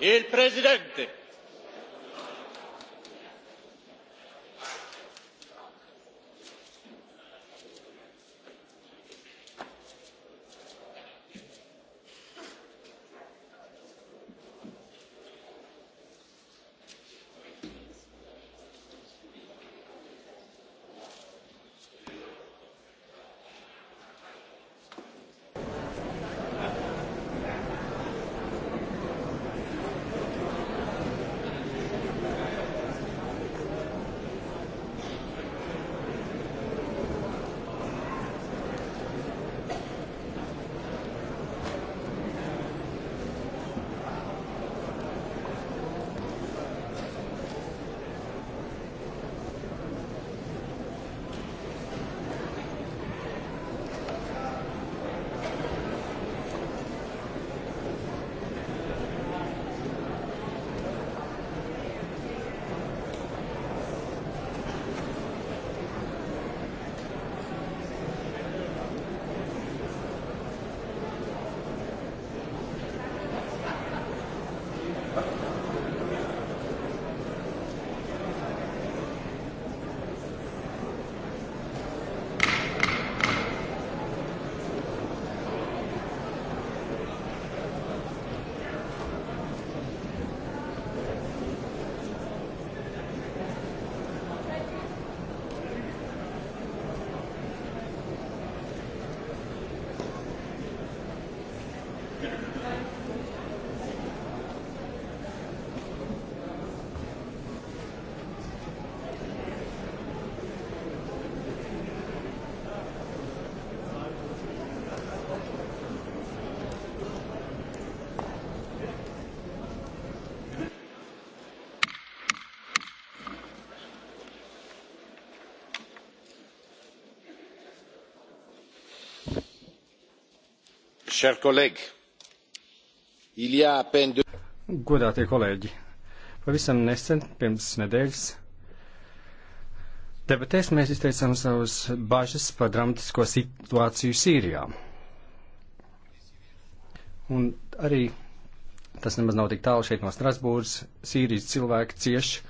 il presidente. chers collègues, il y a à peine deux. Godātie kolēģi, pavisam nesen, pirms nedēļas, debatēs mēs izteicām savas bažas par dramatisko situāciju Sīrijā. Un arī tas nemaz nav tik tālu šeit no Strasbūras, Sīrijas cilvēki cieši.